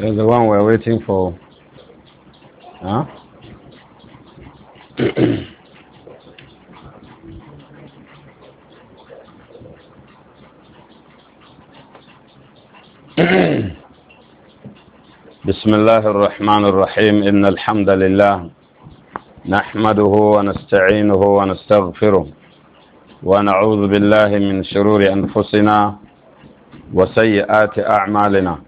That's the one we're waiting for. Huh? بسم الله الرحمن الرحيم إن الحمد لله نحمده ونستعينه ونستغفره ونعوذ بالله من شرور أنفسنا وسيئات أعمالنا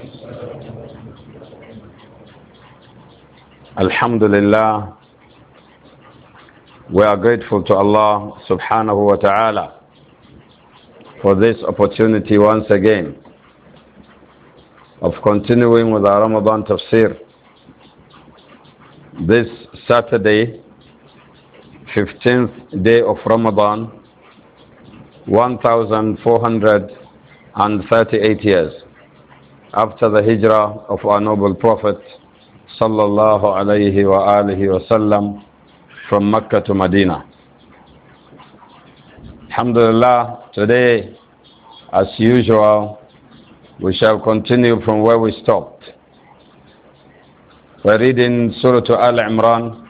Alhamdulillah, we are grateful to Allah subhanahu wa ta'ala for this opportunity once again of continuing with our Ramadan tafsir. This Saturday, 15th day of Ramadan, 1438 years after the hijrah of our noble prophet sallallahu alayhi wa alihi wasallam from Mecca to Medina. Alhamdulillah, today, as usual, we shall continue from where we stopped. We're reading Surah Al Imran,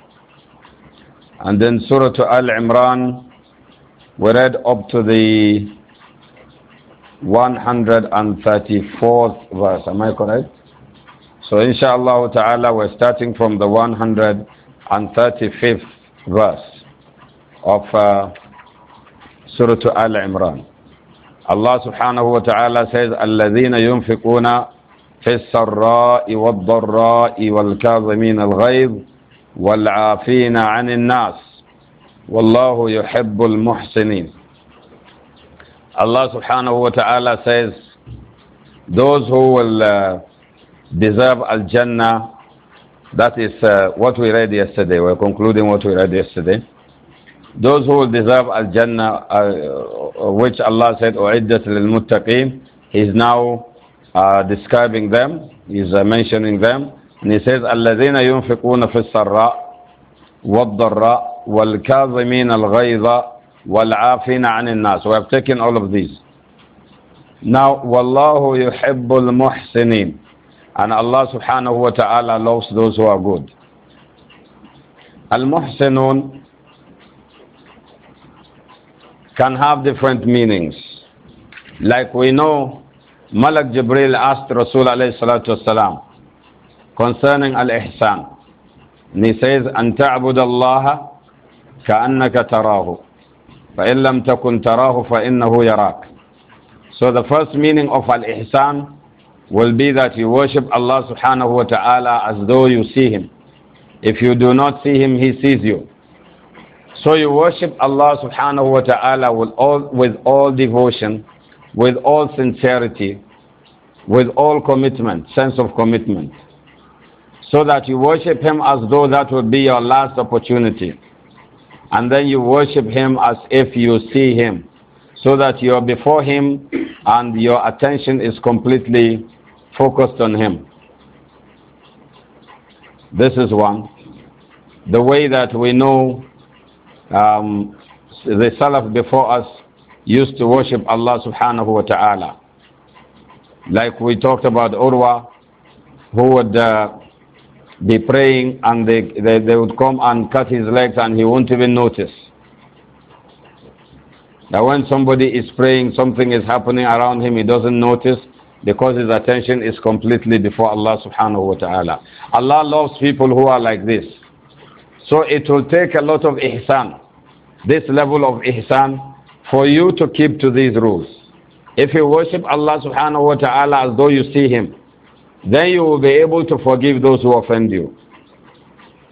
and then Surah Al Imran, we read up to the 134th verse. Am I correct? So inshallah ta'ala we're starting from the 135th verse of uh, Surah Al-Imran. Allah subhanahu wa ta'ala says, الَّذِينَ يُنْفِقُونَ فِي السَّرَّاءِ وَالضَّرَّاءِ وَالْكَاظِمِينَ الْغَيْظِ وَالْعَافِينَ عَنِ النَّاسِ وَاللَّهُ يُحِبُّ الْمُحْسِنِينَ Allah subhanahu wa ta'ala says, those who will... Uh, deserve Al Jannah. That is uh, what we read yesterday. We're concluding what we read yesterday. Those who deserve Al Jannah, uh, uh, which Allah said, U'iddat lil muttaqeen, He's now uh, describing them, He's uh, mentioning them. And He says, الَّذِينَ al فِي السَّرَّاءِ وَالضَّرَّاءِ وَالْكَاظِمِينَ الْغَيْظَ وَالْعَافِينَ nas So We have taken all of these. Now, وَاللَّهُ يُحِبُّ الْمُحْسِنِينَ and Allah subhanahu wa ta'ala loves those who are good. Al-Muhsinun can have different meanings. Like we know, Malak Jibril asked Rasul alayhi salatu wasalam concerning Al-Ihsan. And he says, "أنتعبد الله كأنك تراه فإن لم تكن تراه فإنه يراك. So the first meaning of Al-Ihsan will be that you worship Allah subhanahu wa ta'ala as though you see Him. If you do not see Him, He sees you. So you worship Allah subhanahu wa ta'ala with all, with all devotion, with all sincerity, with all commitment, sense of commitment. So that you worship Him as though that will be your last opportunity. And then you worship Him as if you see Him. So that you are before Him and your attention is completely focused on him. This is one. The way that we know um, the Salaf before us used to worship Allah subhanahu wa ta'ala. Like we talked about Urwa, who would uh, be praying and they, they, they would come and cut his legs and he won't even notice. That when somebody is praying, something is happening around him, he doesn't notice because his attention is completely before Allah subhanahu wa ta'ala. Allah loves people who are like this. So it will take a lot of ihsan, this level of ihsan, for you to keep to these rules. If you worship Allah subhanahu wa ta'ala as though you see him, then you will be able to forgive those who offend you.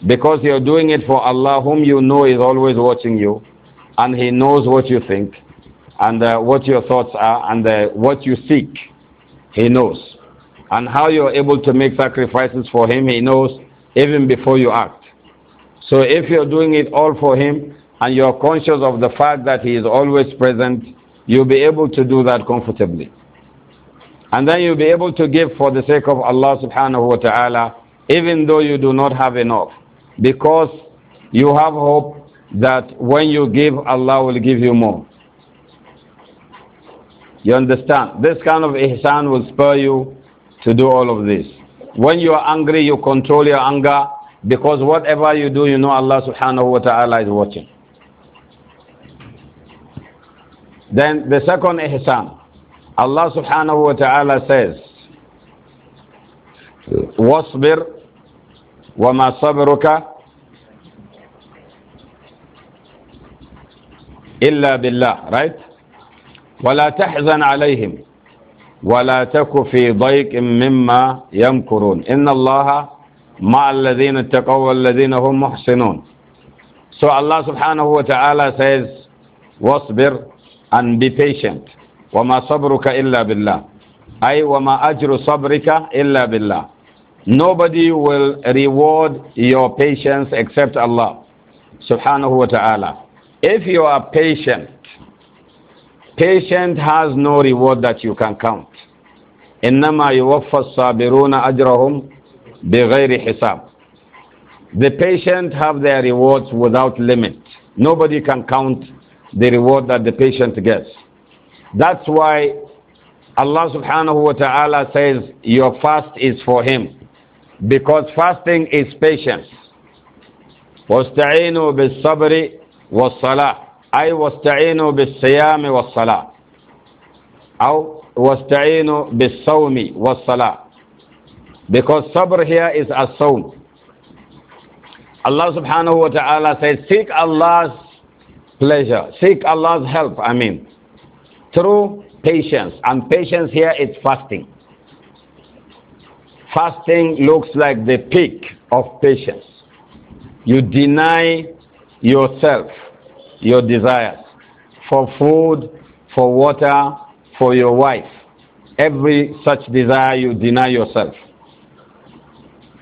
Because you're doing it for Allah, whom you know is always watching you, and He knows what you think, and uh, what your thoughts are, and uh, what you seek. He knows. And how you're able to make sacrifices for Him, He knows even before you act. So if you're doing it all for Him and you're conscious of the fact that He is always present, you'll be able to do that comfortably. And then you'll be able to give for the sake of Allah subhanahu wa ta'ala, even though you do not have enough. Because you have hope that when you give, Allah will give you more. You understand? This kind of ihsan will spur you to do all of this. When you are angry, you control your anger because whatever you do, you know Allah subhanahu wa ta'ala is watching. Then the second ihsan, Allah subhanahu wa ta'ala says, وَاصْبِرْ وَمَا sabruka illa billah." Right? ولا تحزن عليهم ولا تك في ضيق مما يمكرون إن الله مع الذين اتقوا والذين هم محسنون So Allah subhanahu wa ta'ala says واصبر and be patient وما صبرك إلا بالله أي وما أجر صبرك إلا بالله Nobody will reward your patience except Allah subhanahu wa ta'ala. If you are patient patient has no reward that you can count. إنما يوفى الصابرون أجرهم بغير حساب. The patient have their rewards without limit. Nobody can count the reward that the patient gets. That's why Allah subhanahu wa ta'ala says your fast is for him. Because fasting is patience. وَاسْتَعِينُوا بِالصَّبْرِ وَالصَّلَاةِ أي واستعينوا بالصيام والصلاة أو واستعينوا بالصوم والصلاة because sabr here is as soul Allah subhanahu wa ta'ala says seek Allah's pleasure seek Allah's help I mean through patience and patience here is fasting fasting looks like the peak of patience you deny yourself your desires for food, for water, for your wife. Every such desire you deny yourself.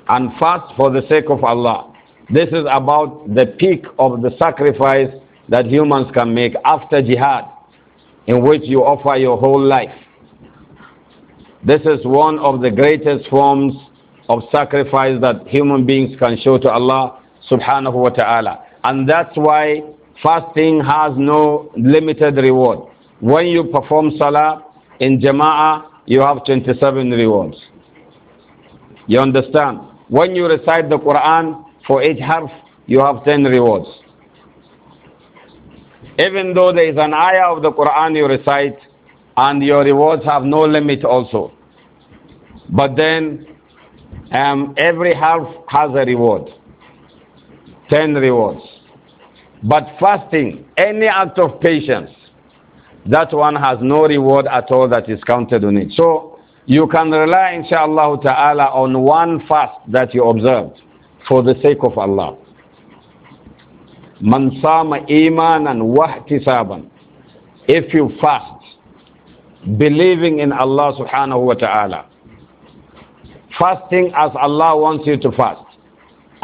And fast for the sake of Allah. This is about the peak of the sacrifice that humans can make after jihad, in which you offer your whole life. This is one of the greatest forms of sacrifice that human beings can show to Allah subhanahu wa ta'ala. And that's why Fasting has no limited reward. When you perform salah in jama'ah, you have 27 rewards. You understand? When you recite the Quran for each half, you have 10 rewards. Even though there is an ayah of the Quran you recite, and your rewards have no limit also. But then um, every half has a reward 10 rewards. But fasting, any act of patience, that one has no reward at all that is counted on it. So you can rely, inshallah ta'ala, on one fast that you observed for the sake of Allah. Man sama imanan wahtisaban. If you fast, believing in Allah subhanahu wa ta'ala, fasting as Allah wants you to fast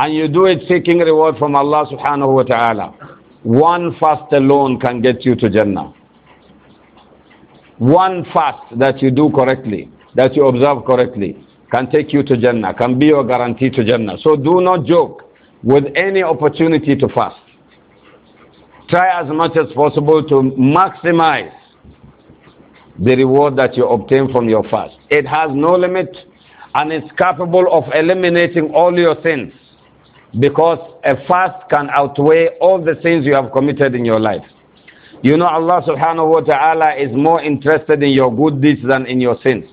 and you do it seeking reward from Allah subhanahu wa ta'ala, one fast alone can get you to Jannah. One fast that you do correctly, that you observe correctly, can take you to Jannah, can be your guarantee to Jannah. So do not joke with any opportunity to fast. Try as much as possible to maximize the reward that you obtain from your fast. It has no limit and it's capable of eliminating all your sins because a fast can outweigh all the sins you have committed in your life. You know, Allah subhanahu wa ta'ala is more interested in your good deeds than in your sins.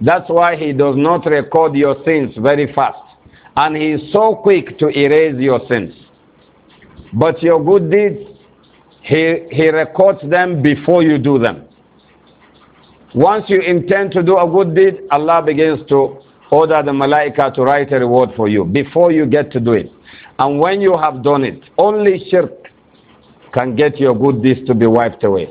That's why He does not record your sins very fast. And He is so quick to erase your sins. But your good deeds, He, he records them before you do them. Once you intend to do a good deed, Allah begins to order the malaika to write a reward for you before you get to do it. And when you have done it, only shirk can get your good deeds to be wiped away.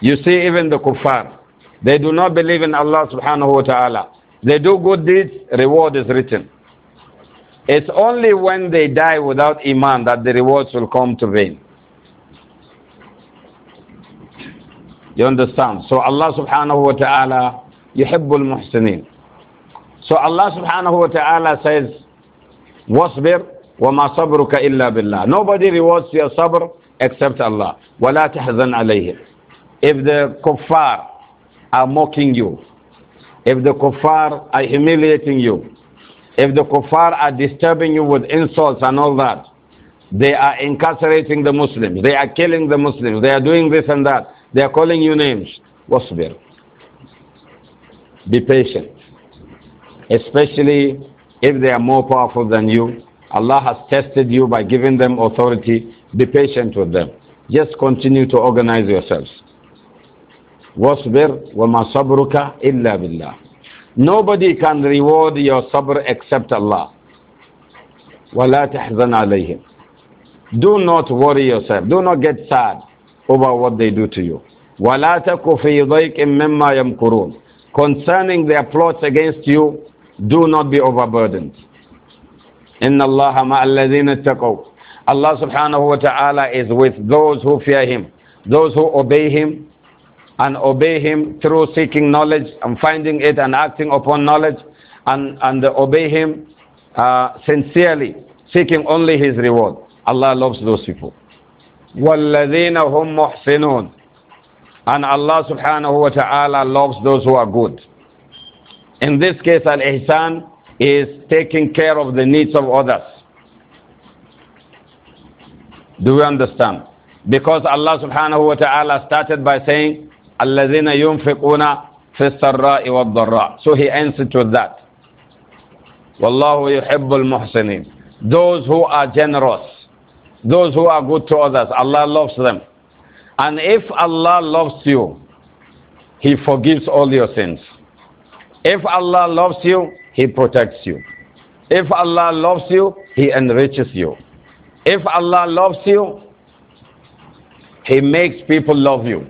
You see, even the kuffar, they do not believe in Allah subhanahu wa ta'ala. They do good deeds, reward is written. It's only when they die without iman that the rewards will come to them. You understand? So Allah subhanahu wa ta'ala, يحب المحسنين. So Allah subhanahu wa ta'ala says, وَاصْبِرْ وَمَا صَبْرُكَ إِلَّا بِاللَّهِ Nobody rewards your sabr except Allah. وَلَا تَحْزَنْ عليه. If the kuffar are mocking you, if the kuffar are humiliating you, if the kuffar are disturbing you with insults and all that, they are incarcerating the Muslims, they are killing the Muslims, they are doing this and that, they are calling you names. Wasbir. Be patient especially if they are more powerful than you. Allah has tested you by giving them authority. Be patient with them. Just continue to organize yourselves. وَاصْبِرْ وَمَا صَبْرُكَ إِلَّا بِاللَّهِ Nobody can reward your sabr except Allah. وَلَا تَحْزَنْ عَلَيْهِمْ Do not worry yourself. Do not get sad over what they do to you. وَلَا تَكُ فِي ضَيْكٍ مِمَّا يَمْكُرُونَ Concerning their plots against you, do not be overburdened. Inna Allah ma'alladhina taqaw. Allah subhanahu wa ta'ala is with those who fear Him, those who obey Him, and obey Him through seeking knowledge and finding it and acting upon knowledge, and, and obey Him uh, sincerely, seeking only His reward. Allah loves those people. وَالَّذِينَ هُمْ مُحْسِنُونَ And Allah subhanahu wa ta'ala loves those who are good. In this case, al ihsan is taking care of the needs of others. Do we understand? Because Allah subhanahu wa ta'ala started by saying, الَّذِينَ يُنْفِقُونَ فِي السَّرَّاءِ وَالضَّرَّاءِ So he ends it with that. وَاللَّهُ يُحِبُّ الْمُحْسِنِينَ Those who are generous, those who are good to others, Allah loves them. And if Allah loves you, He forgives all your sins. If Allah loves you, He protects you. If Allah loves you, He enriches you. If Allah loves you, He makes people love you.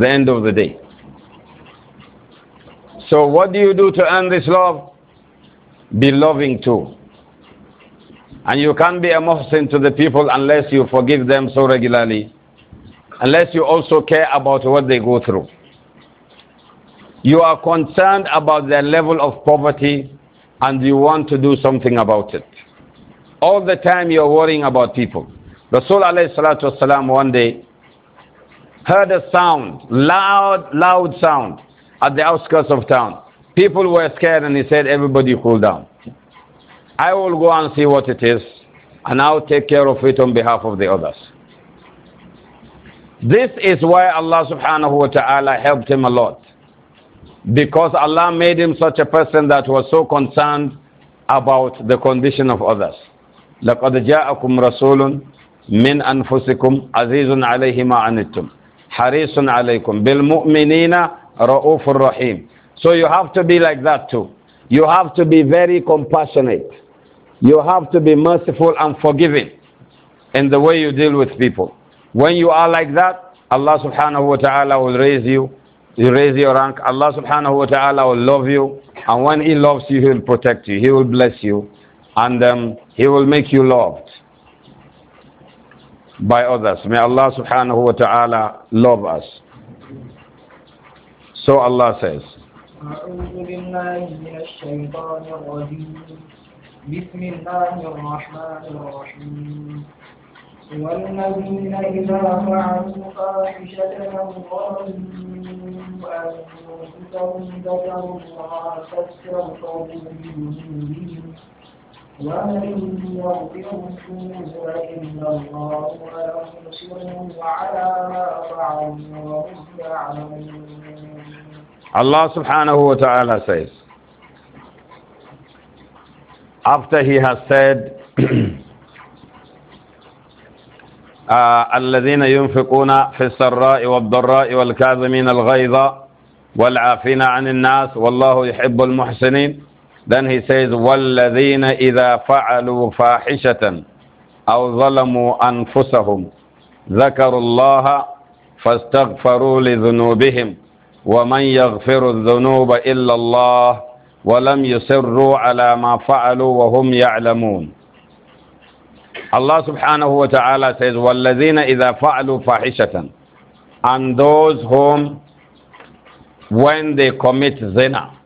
the end of the day. So, what do you do to earn this love? Be loving too. And you can't be a muhsin to the people unless you forgive them so regularly, unless you also care about what they go through. You are concerned about their level of poverty and you want to do something about it. All the time you're worrying about people. Rasul والسلام, one day heard a sound, loud, loud sound at the outskirts of town. People were scared and he said, everybody cool down. I will go and see what it is and I'll take care of it on behalf of the others. This is why Allah subhanahu wa ta'ala helped him a lot. Because Allah made him such a person that was so concerned about the condition of others. لَقَدْ جَاءَكُمْ رَسُولٌ مِّنْ أَنفُسِكُمْ عَزِيزٌ عَلَيْهِ مَا عَنِتُّمْ حَرِيصٌ عَلَيْكُمْ بِالْمُؤْمِنِينَ رَؤُوفٌ رَحِيمٌ So you have to be like that too. You have to be very compassionate. You have to be merciful and forgiving in the way you deal with people. When you are like that, Allah subhanahu wa ta'ala will raise you you raise your rank, Allah subhanahu wa ta'ala will love you. And when He loves you, He will protect you. He will bless you. And um, He will make you loved by others. May Allah subhanahu wa ta'ala love us. So Allah says. بسم الله الرحمن الرحيم والذين إذا فعلوا فاحشة إلا الله سبحانه وتعالى says after he has said آه، الذين ينفقون في السراء والضراء والكاظمين الغيظ والعافين عن الناس والله يحب المحسنين then he says والذين إذا فعلوا فاحشة أو ظلموا أنفسهم ذكروا الله فاستغفروا لذنوبهم ومن يغفر الذنوب إلا الله ولم يصروا على ما فعلوا وهم يعلمون Allah subhanahu wa ta'ala says, وَالَّذِينَ إِذَا فَعَلُوا فَاحِشَةً And those whom, when they commit zina,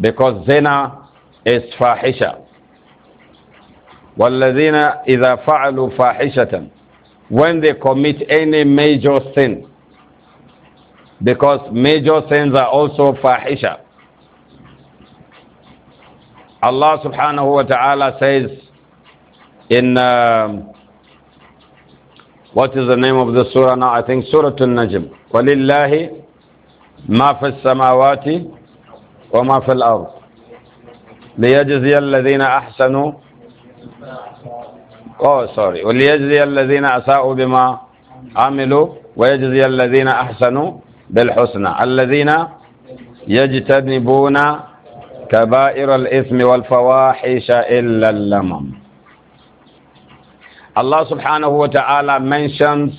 because zina is fahisha. وَالَّذِينَ إِذَا فَعَلُوا فَاحِشَةً When they commit any major sin, because major sins are also fahisha. Allah subhanahu wa ta'ala says, in uh, what is the name of the surah now? I think Surah Al-Najm. وَلِلَّهِ مَا فِي السَّمَاوَاتِ وَمَا فِي الْأَرْضِ لِيَجْزِيَ الَّذِينَ أَحْسَنُوا Oh, sorry. وَلِيَجْزِيَ الَّذِينَ أَسَاءُوا بِمَا عَمِلُوا وَيَجْزِيَ الَّذِينَ أَحْسَنُوا بِالْحُسْنَى الَّذِينَ يَجْتَنِبُونَ كَبَائِرَ الْإِثْمِ وَالْفَوَاحِشَ إِلَّا اللَّمَمَ Allah subhanahu wa ta'ala mentions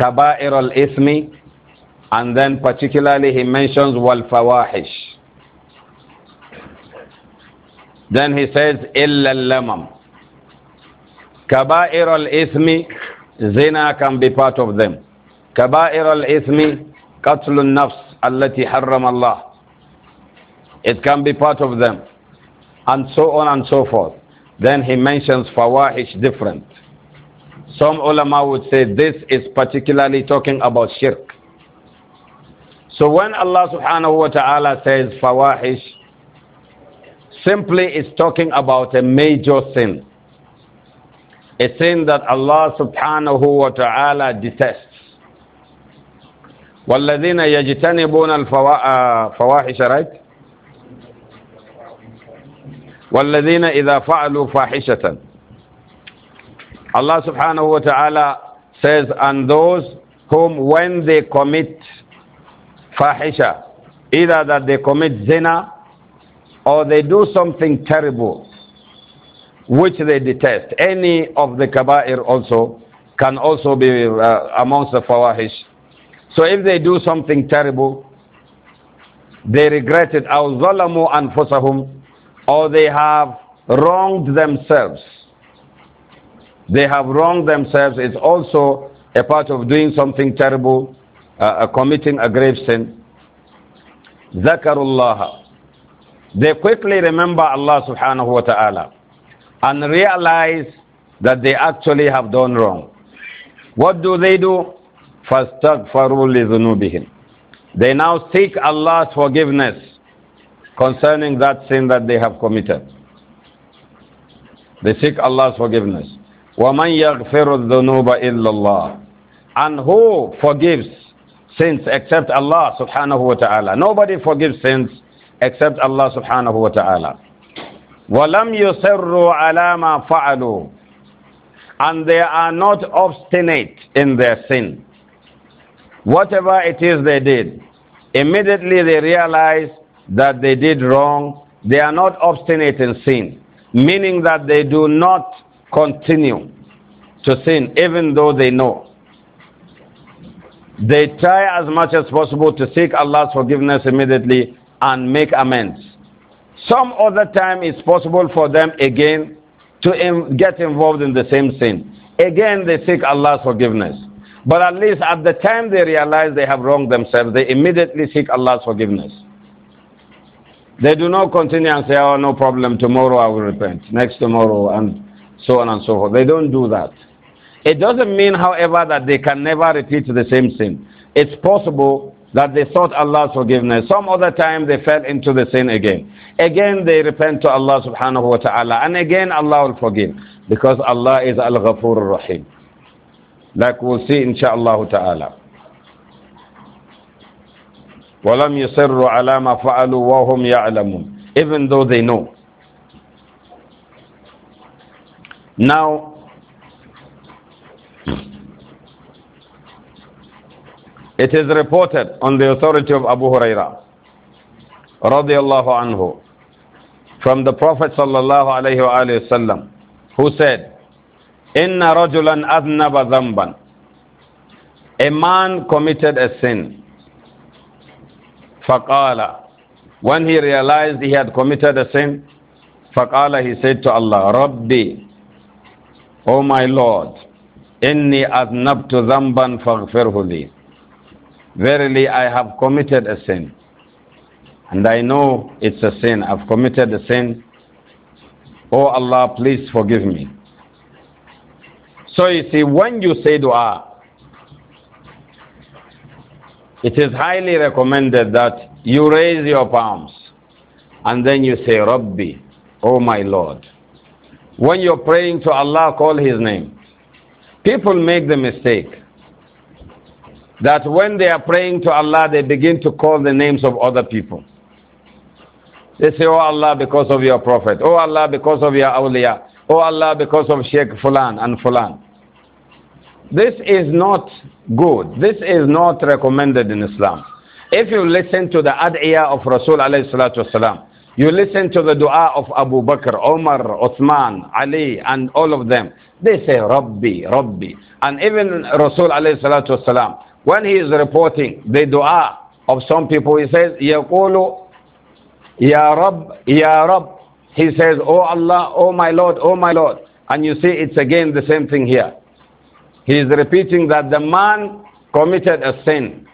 kaba'ir al-ithmi and then particularly he mentions wal fawahish. Then he says illa lamam. Kaba'ir al-ithmi, zina can be part of them. Kaba'ir al-ithmi, nafs al-nafs allati harram Allah. It can be part of them. And so on and so forth. Then he mentions fawahish different. Some ulama would say this is particularly talking about shirk. So when Allah subhanahu wa ta'ala says fawahish, simply is talking about a major sin. A sin that Allah subhanahu wa ta'ala detests. والذين يجتنبون الفواحش right والذين إذا فعلوا فاحشة Allah subhanahu wa ta'ala says, and those whom when they commit fahisha, either that they commit zina or they do something terrible which they detest, any of the kaba'ir also can also be uh, amongst the fawahish. So if they do something terrible, they regret it, أو ظلموا أنفسهم, or they have wronged themselves they have wronged themselves. It's also a part of doing something terrible, uh, uh, committing a grave sin. Zakarullah. They quickly remember Allah subhanahu wa ta'ala and realize that they actually have done wrong. What do they do? فَاسْتَغْفَرُوا لِذُنُوبِهِمْ They now seek Allah's forgiveness concerning that sin that they have committed. They seek Allah's forgiveness. وَمَنْ يَغْفِرُ الذُّنُوبَ إِلَّا اللَّهِ And who forgives sins except Allah subhanahu wa ta'ala? Nobody forgives sins except Allah subhanahu wa ta'ala. وَلَمْ يُسِرُّوا عَلَى مَا فَعَلُوا And they are not obstinate in their sin. Whatever it is they did, immediately they realize that they did wrong. They are not obstinate in sin, meaning that they do not continue to sin even though they know. They try as much as possible to seek Allah's forgiveness immediately and make amends. Some other time it's possible for them again to get involved in the same sin. Again, they seek Allah's forgiveness. But at least at the time they realize they have wronged themselves, they immediately seek Allah's forgiveness. They do not continue and say, oh, no problem, tomorrow I will repent, next tomorrow, and so on and so forth. They don't do that. It doesn't mean, however, that they can never repeat the same sin. It's possible that they sought Allah's forgiveness. Some other time they fell into the sin again. Again they repent to Allah subhanahu wa ta'ala. And again Allah will forgive. Because Allah is Al Ghafur Rahim. Like we'll see inshaAllah ta'ala. Even though they know. Now, it is reported on the authority of Abu Huraira radiallahu anhu from the Prophet sallallahu alayhi wa sallam who said, Inna rajulan aznaba zamban. A man committed a sin. Faqala. When he realized he had committed a sin, Faqala he said to Allah, Rabbi, O oh my Lord, inni aznabtu zamban faghfirhu Verily I have committed a sin. And I know it's a sin. I've committed a sin. O oh Allah, please forgive me. So you see, when you say dua, it is highly recommended that you raise your palms and then you say, Rabbi, O oh my Lord. When you're praying to Allah, call His name. People make the mistake that when they are praying to Allah, they begin to call the names of other people. They say, Oh Allah, because of your Prophet. Oh Allah, because of your awliya. Oh Allah, because of Sheikh Fulan and Fulan. This is not good. This is not recommended in Islam. If you listen to the ad'iyah of Rasul alayhi salatu wasalam, you listen to the dua of Abu Bakr, Omar, Uthman, Ali, and all of them. They say, Rabbi, Rabbi. And even Rasul alayhi salatu wasalam, when he is reporting the dua of some people, he says, Yaqulu, Ya Rabb, Ya Rabb." He says, Oh Allah, Oh my Lord, Oh my Lord. And you see, it's again the same thing here. He is repeating that the man committed a sin.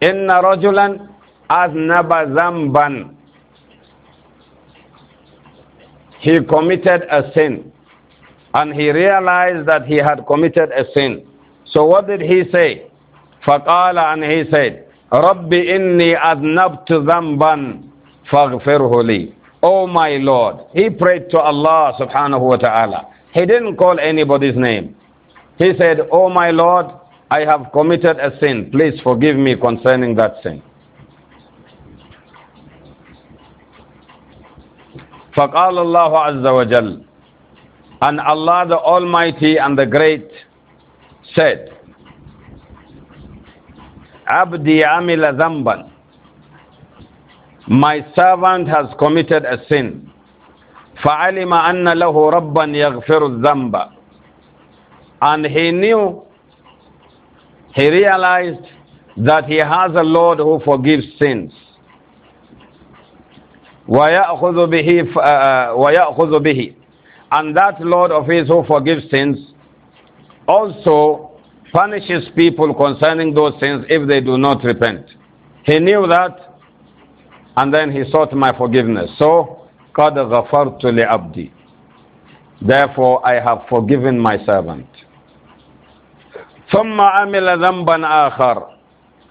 Inna rajulan aznaba zamban he committed a sin. And he realized that he had committed a sin. So what did he say? فَقَالَ And he said, رَبِّ إِنِّي أَذْنَبْتُ ذَنْبًا فَاغْفِرْهُ لِي Oh my Lord. He prayed to Allah subhanahu wa ta'ala. He didn't call anybody's name. He said, Oh my Lord, I have committed a sin. Please forgive me concerning that sin. فَقَالَ اللَّهُ عَزَّ وَجَلَّ And Allah the Almighty and the Great said, Abdi amila zamban. My servant has committed a sin. فَعَلِمَ أَنَّ لَهُ رَبًّا يَغْفِرُ الذَّنْبَ And he knew, he realized that he has a Lord who forgives sins. وَيَأْخُذُ بِهِ, وَيَأْخُذُ بِهِ And that Lord of his who forgives sins also punishes people concerning those sins if they do not repent. He knew that and then he sought my forgiveness. So, قَدْ غَفَرْتُ لِعَبْدِي Therefore, I have forgiven my servant. ثُمَّ عَمِلَ ذَنْبًا آخَرَ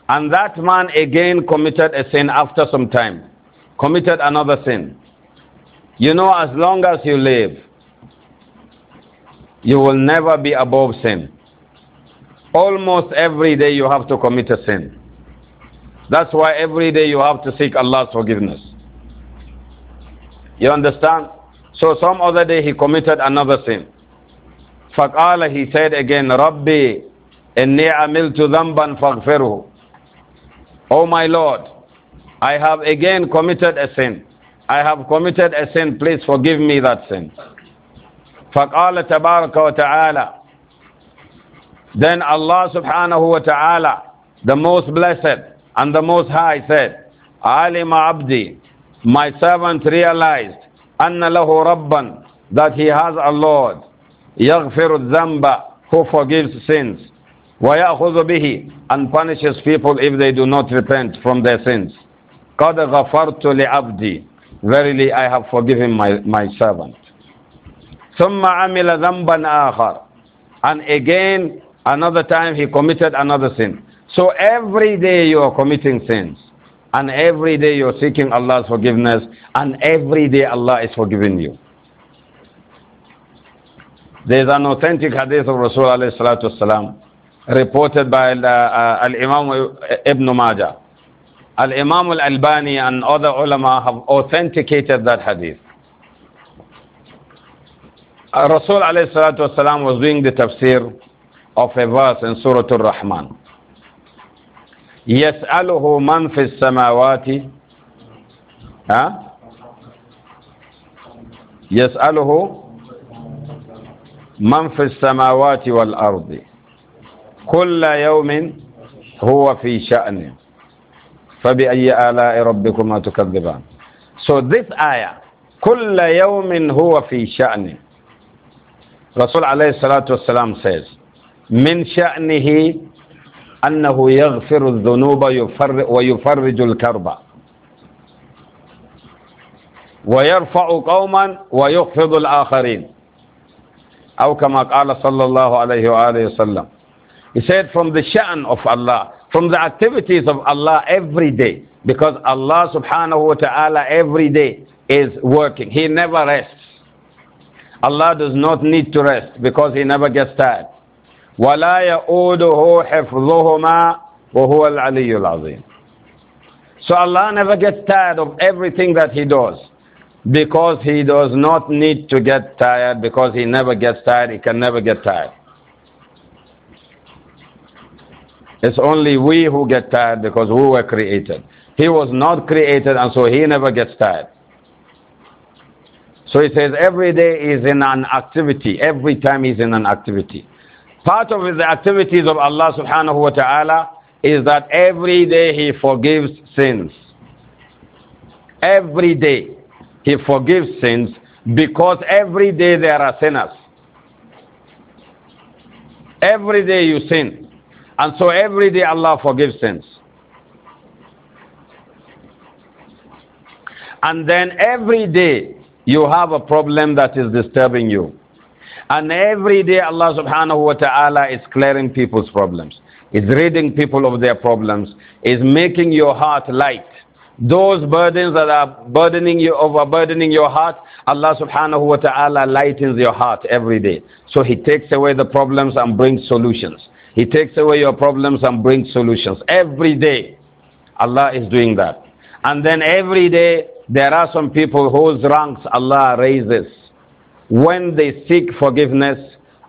And that man again committed a sin after some time committed another sin. You know, as long as you live, you will never be above sin. Almost every day you have to commit a sin. That's why every day you have to seek Allah's forgiveness. You understand? So some other day he committed another sin. فَقَالَ He said again, رَبِّي amil tu ذَنْبًا فَاغْفِرْهُ Oh my Lord, I have again committed a sin. I have committed a sin. Please forgive me that sin. فَقَالَ تَبَارَكَ وَتَعَالَى Then Allah subhanahu wa ta'ala, the most blessed and the most high said, عَلِمَ abdi, My servant realized أَنَّ لَهُ رَبًّا That he has a Lord. يَغْفِرُ الذَّنْبَ Who forgives sins. وَيَأْخُذُ بِهِ And punishes people if they do not repent from their sins. قَدْ غَفَرْتُ لِعَبْدِي Verily I have forgiven my, my servant. ثُمَّ عَمِلَ ذَنْبًا آخَرَ And again, another time he committed another sin. So every day you are committing sins. And every day you're seeking Allah's forgiveness. And every day Allah is forgiving you. There is an authentic hadith of Rasulullah reported by uh, uh, Al-Imam Ibn Majah الإمام الألباني al and other ulama have authenticated that hadith. Rasul alayhi salatu wasalam was doing the tafsir of a verse in Surah Al-Rahman. يَسْأَلُهُ مَنْ فِي السَّمَاوَاتِ huh? يَسْأَلُهُ مَنْ فِي السَّمَاوَاتِ وَالْأَرْضِ كُلَّ يَوْمٍ هُوَ فِي شأنه فبأي آلاء ربكما تكذبان So this ayah كل يوم هو في شأن رسول عليه الصلاة والسلام says من شأنه أنه يغفر الذنوب ويفرج الكربة ويرفع قوما ويخفض الآخرين أو كما قال صلى الله عليه وآله وسلم He said from the شأن of Allah from the activities of Allah every day because Allah subhanahu wa ta'ala every day is working. He never rests. Allah does not need to rest because He never gets tired. وَلَا يَؤُودُهُ حِفْظُهُمَا وَهُوَ الْعَلِيُّ الْعَظِيمُ So Allah never gets tired of everything that He does because He does not need to get tired because He never gets tired. He can never get tired. It's only we who get tired because we were created. He was not created and so he never gets tired. So he says every day is in an activity. Every time he's in an activity. Part of the activities of Allah subhanahu wa ta'ala is that every day he forgives sins. Every day he forgives sins because every day there are sinners. Every day you sin. And so every day Allah forgives sins. And then every day you have a problem that is disturbing you. And every day Allah subhanahu wa ta'ala is clearing people's problems, is reading people of their problems, is making your heart light. Those burdens that are burdening you, overburdening your heart, Allah subhanahu wa ta'ala lightens your heart every day. So He takes away the problems and brings solutions. He takes away your problems and brings solutions. Every day, Allah is doing that. And then every day, there are some people whose ranks Allah raises. When they seek forgiveness,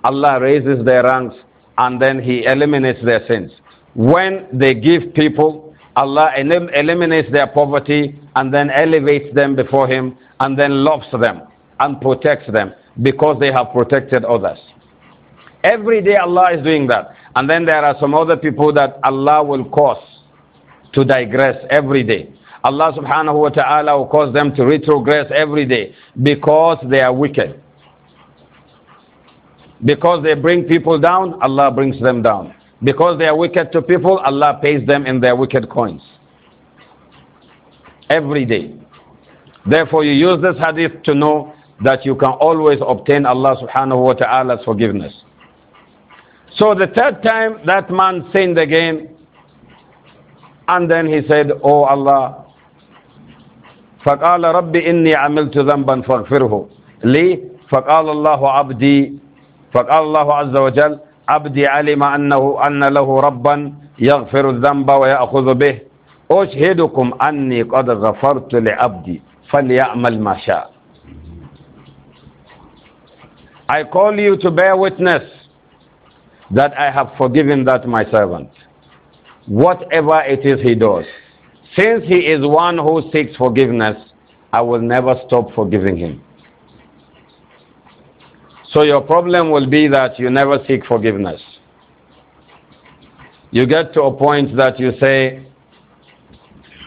Allah raises their ranks and then He eliminates their sins. When they give people, Allah elim eliminates their poverty and then elevates them before Him and then loves them and protects them because they have protected others. Every day Allah is doing that. And then there are some other people that Allah will cause to digress every day. Allah subhanahu wa ta'ala will cause them to retrogress every day because they are wicked. Because they bring people down, Allah brings them down. Because they are wicked to people, Allah pays them in their wicked coins. Every day. Therefore, you use this hadith to know that you can always obtain Allah subhanahu wa ta'ala's forgiveness. So the third time, that man sinned again. And then he said, Oh Allah, فقال رب إني عملت ذنبا فاغفره لي فقال الله عبدي فقال الله عز وجل عبدي علم أنه أن له ربا يغفر الذنب ويأخذ به أشهدكم أني قد غفرت لعبدي فليعمل ما شاء I call you to bear witness that I have forgiven that my servant, whatever it is he does. Since he is one who seeks forgiveness, I will never stop forgiving him. So your problem will be that you never seek forgiveness. You get to a point that you say,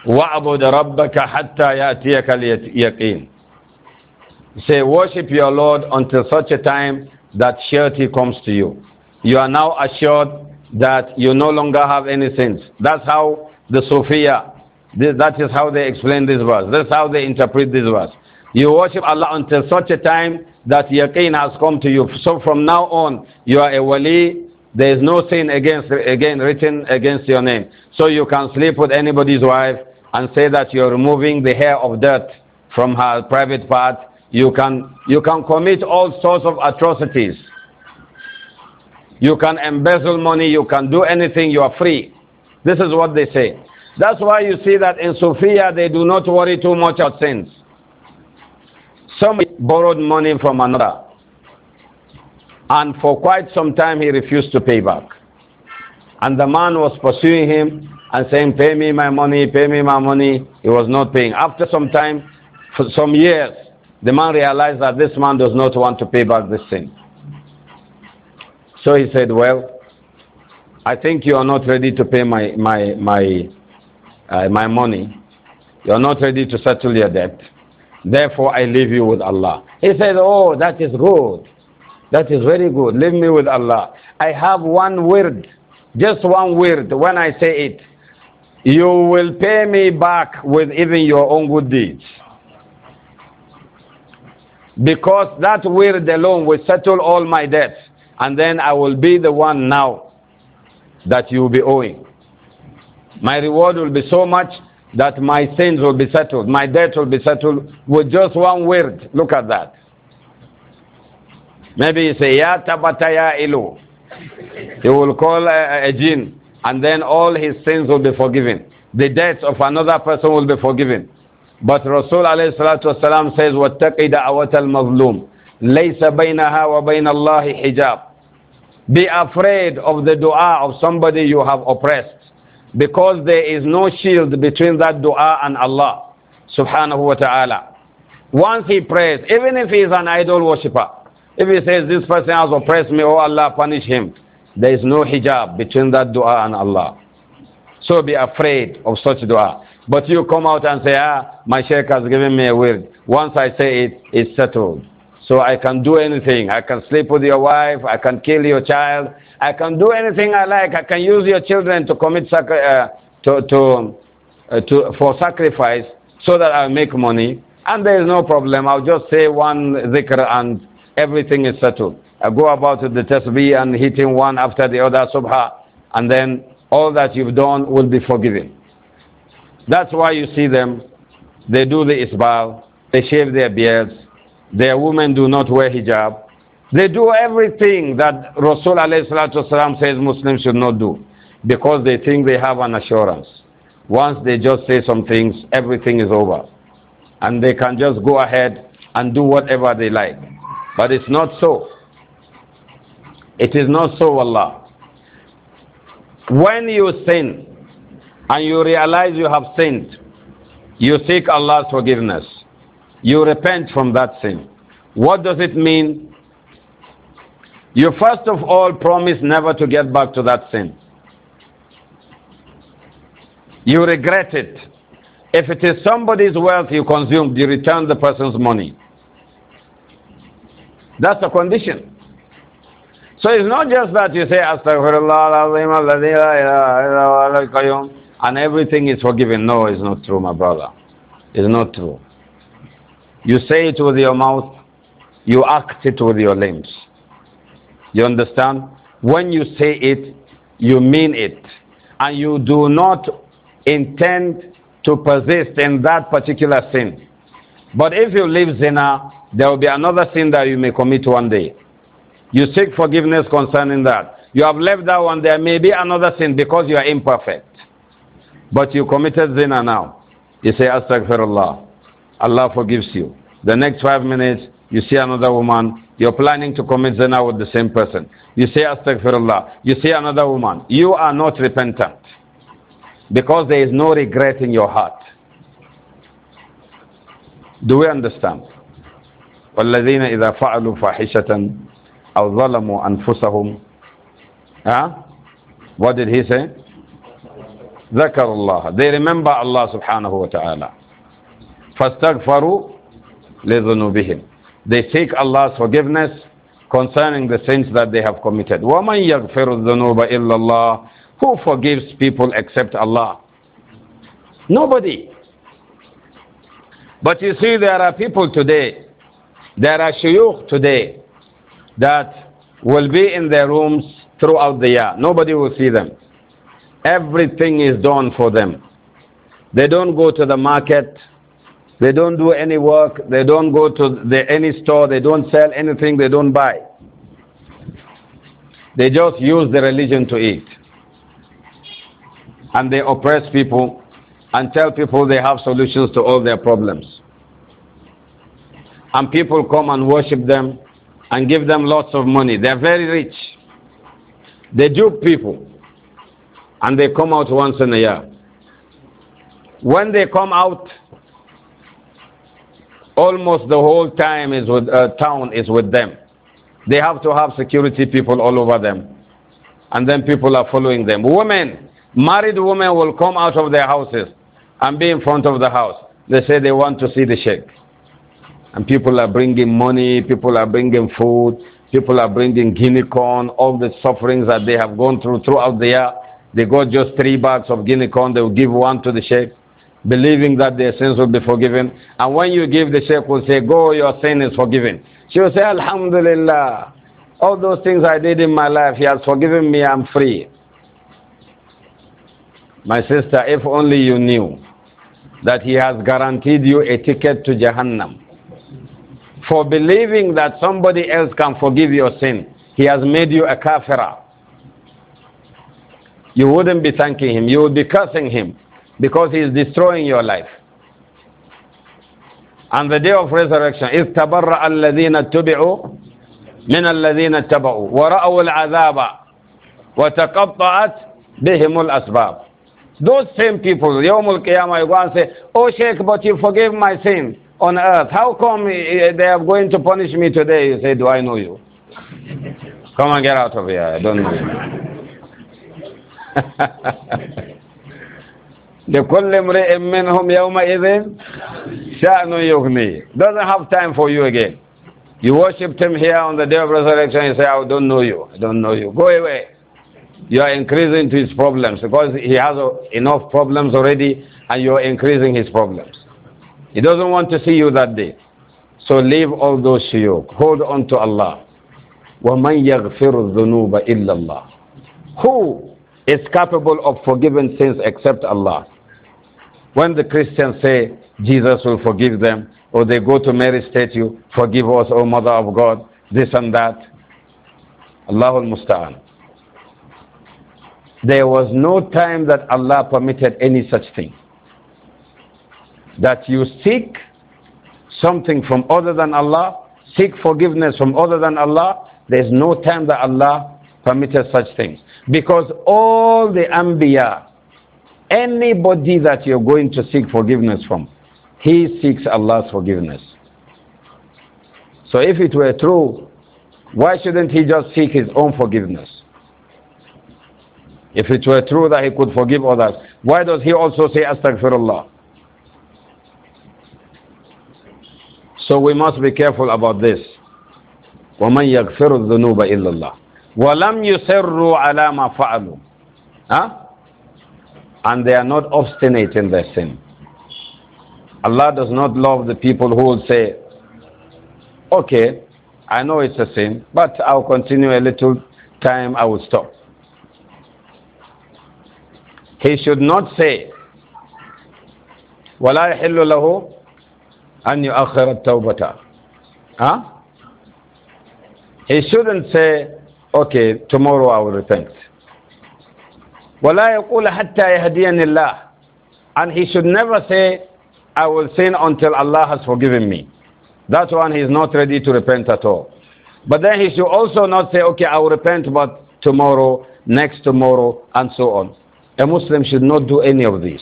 وَعْبُدْ رَبَّكَ حَتَّى يَأْتِيَكَ الْيَقِينَ Say, worship your Lord until such a time that surety comes to you you are now assured that you no longer have any sins. That's how the Sophia, that is how they explain this verse. That's how they interpret this verse. You worship Allah until such a time that yaqeen has come to you. So from now on, you are a wali. There is no sin against, again written against your name. So you can sleep with anybody's wife and say that you are removing the hair of dirt from her private part. You can, you can commit all sorts of atrocities you can embezzle money, you can do anything, you are free. This is what they say. That's why you see that in Sofia they do not worry too much about sins. Somebody borrowed money from another, and for quite some time he refused to pay back. And the man was pursuing him and saying, Pay me my money, pay me my money. He was not paying. After some time, for some years, the man realized that this man does not want to pay back this sin. So he said, Well, I think you are not ready to pay my, my, my, uh, my money. You are not ready to settle your debt. Therefore, I leave you with Allah. He said, Oh, that is good. That is very good. Leave me with Allah. I have one word, just one word when I say it. You will pay me back with even your own good deeds. Because that word alone will settle all my debts and then I will be the one now that you will be owing. My reward will be so much that my sins will be settled, my debt will be settled with just one word. Look at that. Maybe you say, Ya tabataya ilu. He will call a, a jinn, and then all his sins will be forgiven. The debts of another person will be forgiven. But Rasul alayhi salatu wasalam says, وَاتَّقِي دَعَوَةَ الْمَظْلُومِ لَيْسَ بَيْنَهَا وَبَيْنَ اللَّهِ حِجَابٌ be afraid of the dua of somebody you have oppressed because there is no shield between that dua and Allah subhanahu wa ta'ala. Once he prays, even if he is an idol worshipper, if he says, This person has oppressed me, oh Allah, punish him, there is no hijab between that dua and Allah. So be afraid of such dua. But you come out and say, Ah, my sheikh has given me a word. Once I say it, it's settled. So I can do anything. I can sleep with your wife. I can kill your child. I can do anything I like. I can use your children to commit uh, to, to, uh, to, for sacrifice so that i make money. And there is no problem. I'll just say one zikr and everything is settled. I go about with the tasbih and hitting one after the other subha. And then all that you've done will be forgiven. That's why you see them. They do the isbal. They shave their beards their women do not wear hijab. They do everything that Rasul والسلام, says Muslims should not do because they think they have an assurance. Once they just say some things, everything is over. And they can just go ahead and do whatever they like. But it's not so. It is not so, Allah. When you sin and you realize you have sinned, you seek Allah's forgiveness you repent from that sin. What does it mean? You first of all promise never to get back to that sin. You regret it. If it is somebody's wealth you consumed, you return the person's money. That's the condition. So it's not just that you say, Astaghfirullah, and everything is forgiven. No, it's not true, my brother. It's not true. You say it with your mouth, you act it with your limbs. You understand? When you say it, you mean it. And you do not intend to persist in that particular sin. But if you leave zina, there will be another sin that you may commit one day. You seek forgiveness concerning that. You have left that one, there may be another sin because you are imperfect. But you committed zina now. You say, Astaghfirullah. Allah forgives you. The next five minutes, you see another woman, you're planning to commit zina with the same person. You say astaghfirullah, you see another woman. You are not repentant because there is no regret in your heart. Do we understand? والذين إذا فعلوا فاحشة أو ظلموا أنفسهم huh? What did he say? ذكر الله They remember Allah subhanahu wa ta'ala فَاسْتَغْفَرُوا لِذُنُوبِهِمْ They seek Allah's forgiveness concerning the sins that they have committed. وَمَنْ يَغْفِرُ الذُّنُوبَ إِلَّا Allah? Who forgives people except Allah? Nobody. But you see, there are people today, there are shuyukh today, that will be in their rooms throughout the year. Nobody will see them. Everything is done for them. They don't go to the market. They don't do any work. They don't go to the, any store. They don't sell anything. They don't buy. They just use the religion to eat. And they oppress people and tell people they have solutions to all their problems. And people come and worship them and give them lots of money. They're very rich. They dupe people. And they come out once in a year. When they come out, almost the whole time is with, uh, town is with them. They have to have security people all over them. And then people are following them. Women, married women will come out of their houses and be in front of the house. They say they want to see the sheikh. And people are bringing money, people are bringing food, people are bringing guinea corn, all the sufferings that they have gone through throughout the year. They got just three bags of guinea corn, they will give one to the sheikh believing that their sins will be forgiven. And when you give, the sheikh will say, Go, your sin is forgiven. She will say, Alhamdulillah, all those things I did in my life, He has forgiven me, I'm free. My sister, if only you knew that He has guaranteed you a ticket to Jahannam. For believing that somebody else can forgive your sin, He has made you a kafirah. You wouldn't be thanking Him, you would be cursing Him because he is destroying your life. And the day of resurrection, is إِذْ تَبَرَّأَ الَّذِينَ اتُّبِعُوا مِنَ الَّذِينَ اتَّبَعُوا وَرَأَوُا wa وَتَقَطَّعَتْ بِهِمُ asbab Those same people, يوم القيامة, you go and say, Oh Sheikh, but you forgive my sin on earth. How come eh, eh, they are going to punish me today? You say, do I know you? Come and get out of here. I don't know you. لكل امرئ منهم يومئذ شأن يغنيه doesn't have time for you again you worshipped him here on the day of resurrection He say I don't know you I don't know you go away you are increasing to his problems because he has enough problems already and you are increasing his problems he doesn't want to see you that day so leave all those shuyuk hold on to Allah وَمَنْ يَغْفِرُ الذُّنُوبَ إِلَّا اللَّهِ who is capable of forgiving sins except Allah when the Christians say Jesus will forgive them, or they go to Mary's statue, forgive us, O Mother of God, this and that. Allah al Musta'an. There was no time that Allah permitted any such thing. That you seek something from other than Allah, seek forgiveness from other than Allah, there's no time that Allah permitted such things. Because all the Anbiya, Anybody that you're going to seek forgiveness from, he seeks Allah's forgiveness. So if it were true, why shouldn't he just seek his own forgiveness? If it were true that he could forgive others, why does he also say astaghfirullah? So we must be careful about this. وَمَنْ يَغْفِرُ الذُّنُوبَ إِلَّا اللَّهِ وَلَمْ يُسِرُّوا عَلَى مَا فَعَلُوا huh? and they are not obstinate in their sin. Allah does not love the people who will say, okay, I know it's a sin, but I'll continue a little time, I will stop. He should not say, وَلَا يَحِلُّ لَهُ أَنْ يُؤَخِّرَ التَّوْبَةَ huh? He shouldn't say, okay, tomorrow I will repent. وَلَا يَقُولَ حَتَّى اللَّهِ And he should never say, I will sin until Allah has forgiven me. That's when he is not ready to repent at all. But then he should also not say, okay, I will repent, but tomorrow, next tomorrow, and so on. A Muslim should not do any of this.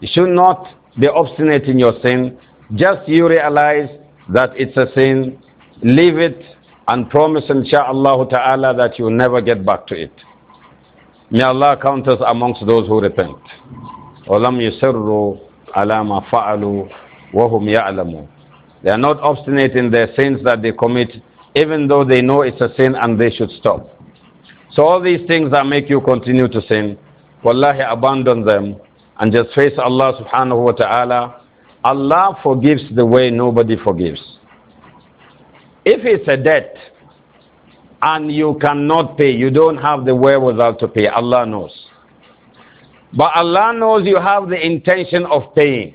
You should not be obstinate in your sin. Just you realize that it's a sin, leave it, and promise, inshallah ta'ala, that you'll never get back to it. May Allah count us amongst those who repent. They are not obstinate in their sins that they commit, even though they know it's a sin and they should stop. So all these things that make you continue to sin, wallahi abandon them and just face Allah subhanahu wa ta'ala. Allah forgives the way nobody forgives. If it's a debt, and you cannot pay. You don't have the wherewithal to pay. Allah knows. But Allah knows you have the intention of paying.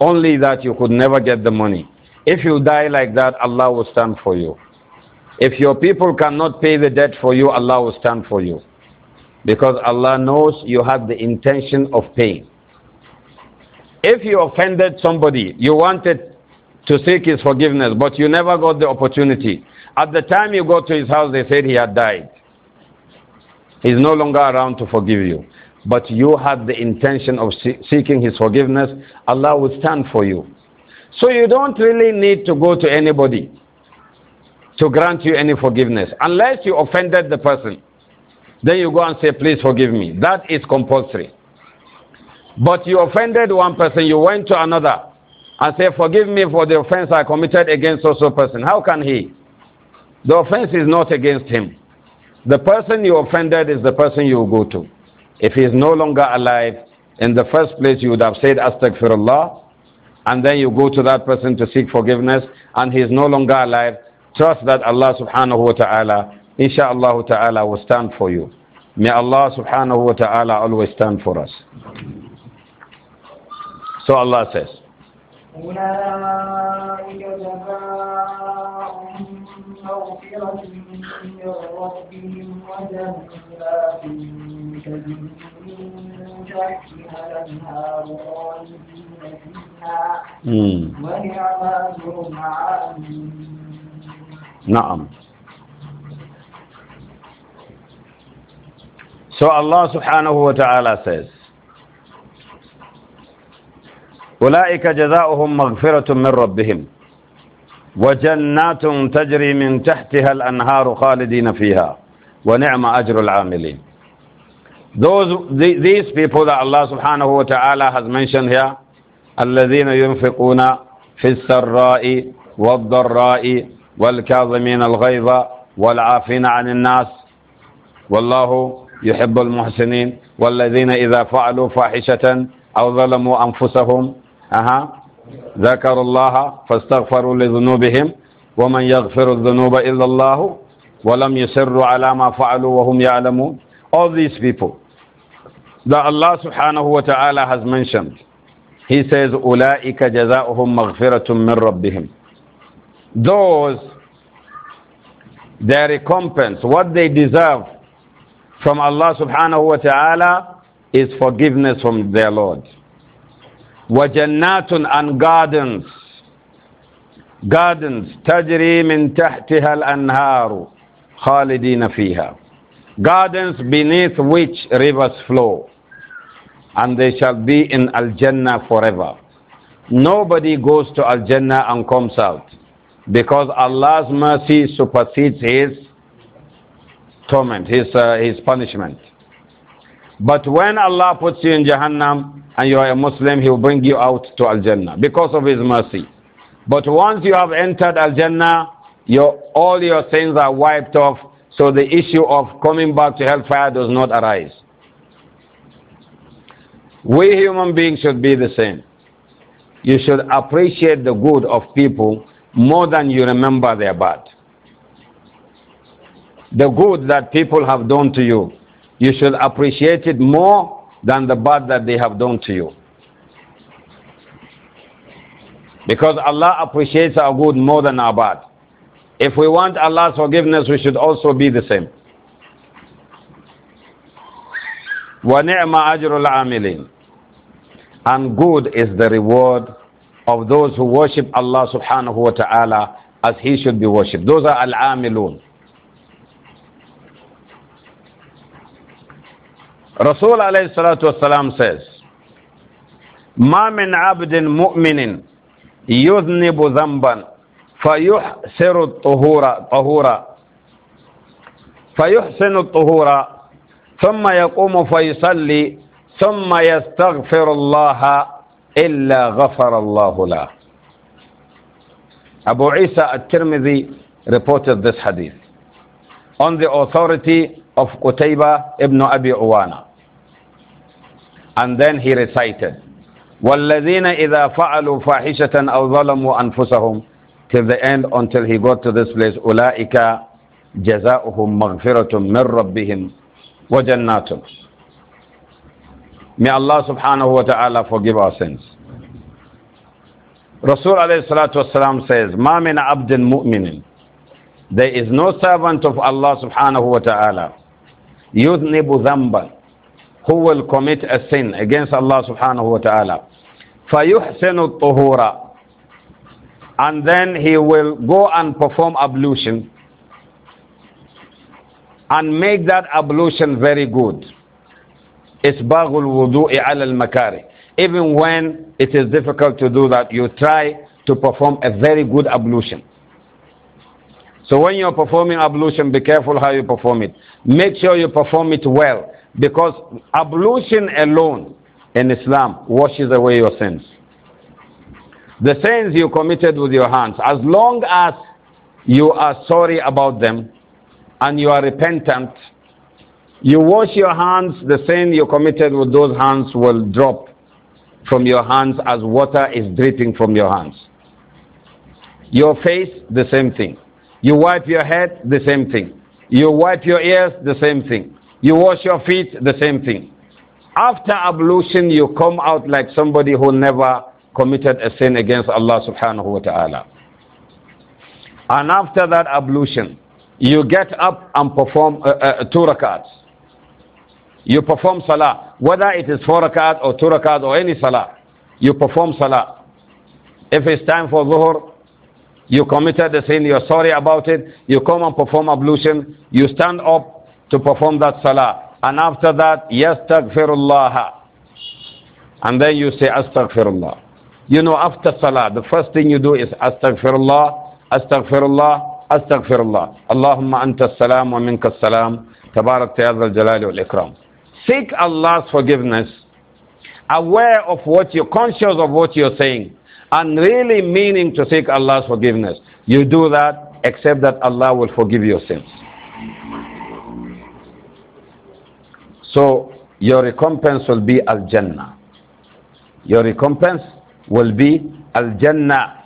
Only that you could never get the money. If you die like that, Allah will stand for you. If your people cannot pay the debt for you, Allah will stand for you. Because Allah knows you have the intention of paying. If you offended somebody, you wanted to seek his forgiveness, but you never got the opportunity. At the time you go to his house, they said he had died. He's no longer around to forgive you. But you had the intention of seeking his forgiveness, Allah will stand for you. So you don't really need to go to anybody to grant you any forgiveness, unless you offended the person. Then you go and say, Please forgive me. That is compulsory. But you offended one person, you went to another and said, Forgive me for the offense I committed against such a person. How can he? The offense is not against him. The person you offended is the person you go to. If he is no longer alive, in the first place you would have said astaghfirullah, and then you go to that person to seek forgiveness, and he is no longer alive. Trust that Allah subhanahu wa ta'ala, inshaAllah ta'ala, will stand for you. May Allah subhanahu wa ta'ala always stand for us. So Allah says, أولئك جزاؤهم مغفرة من ربهم وجنات تجري من تحتها الأنهار خالدين فيها ونعم أجر نعم So Allah subhanahu wa ta'ala says, أولئك جزاؤهم مغفرة من ربهم وجنات تجري من تحتها الأنهار خالدين فيها ونعم أجر العاملين Those, these people that Allah subhanahu wa ta'ala has mentioned here الذين ينفقون في السراء والضراء والكاظمين الغيظ والعافين عن الناس والله يحب المحسنين والذين إذا فعلوا فاحشة أو ظلموا أنفسهم أها ذكر الله فاستغفروا لذنوبهم ومن يغفر الذنوب إلا الله ولم يسروا على ما فعلوا وهم يعلمون all these people that Allah سبحانه وتعالى has mentioned he says أولئك جزاؤهم مغفرة من ربهم those their recompense what they deserve from Allah سبحانه وتعالى is forgiveness from their Lord وَجَنَّاتٌ and gardens. Gardens. تَجْرِي مِن تَحْتِهَا الْأَنْهَارُ خَالِدِينَ فِيهَا Gardens beneath which rivers flow. And they shall be in Al-Jannah forever. Nobody goes to Al-Jannah and comes out. Because Allah's mercy supersedes His torment, His, uh, his punishment. But when Allah puts you in Jahannam, and you are a Muslim, he will bring you out to Al Jannah because of his mercy. But once you have entered Al Jannah, your, all your sins are wiped off, so the issue of coming back to hellfire does not arise. We human beings should be the same. You should appreciate the good of people more than you remember their bad. The good that people have done to you, you should appreciate it more than the bad that they have done to you. Because Allah appreciates our good more than our bad. If we want Allah's forgiveness, we should also be the same. وَنِعْمَ أَجْرُ الْعَامِلِينَ And good is the reward of those who worship Allah subhanahu wa ta'ala as he should be worshipped. Those are al-amilun. رسول عليه الصلاة والسلام says ما من عبد مؤمن يذنب ذنبا فيحسر الطهورا طهورا فيحسن الطهورا ثم يقوم فيصلي ثم يستغفر الله إلا غفر الله له Isa at الترمذي reported this hadith on the authority of Qutayba ibn Abi Uwana and then he recited والذين إذا فعلوا فاحشة أو ظلموا أنفسهم till the end until he got to this place أولئك جزاؤهم مغفرة من ربهم وجنات May Allah subhanahu wa ta'ala forgive our sins. Rasul alayhi salatu wasalam says, مَا مِنْ عَبْدٍ مُؤْمِنٍ There is no servant of Allah subhanahu wa ta'ala يُذْنِبُ ذَنْبًا who will commit a sin against Allah subhanahu wa ta'ala. فَيُحْسِنُ الطُّهُورَ And then he will go and perform ablution and make that ablution very good. إِسْبَاغُ الْوُضُوءِ عَلَى الْمَكَارِ Even when it is difficult to do that, you try to perform a very good ablution. So when you're performing ablution, be careful how you perform it. Make sure you perform it well because ablution alone in Islam washes away your sins. The sins you committed with your hands, as long as you are sorry about them and you are repentant, you wash your hands, the sin you committed with those hands will drop from your hands as water is dripping from your hands. Your face, the same thing. You wipe your head, the same thing. You wipe your ears, the same thing. You wash your feet, the same thing. After ablution, you come out like somebody who never committed a sin against Allah subhanahu wa ta'ala. And after that ablution, you get up and perform uh, uh, two rakats. You perform salah, whether it is four rakat or two rakat or any salah, you perform salah. If it's time for zuhur, you committed a sin, you're sorry about it, you come and perform ablution, you stand up, to perform that salah. And after that, yastaghfirullah. And then you say astaghfirullah. You know, after salah, the first thing you do is astaghfirullah, astaghfirullah, astaghfirullah. Allahumma anta salam wa minka salam. Tabarak al-jalali wal-ikram. Seek Allah's forgiveness, aware of what you're conscious of what you're saying, and really meaning to seek Allah's forgiveness. You do that, except that Allah will forgive your sins. So your recompense will be Al Jannah. Your recompense will be Al Jannah.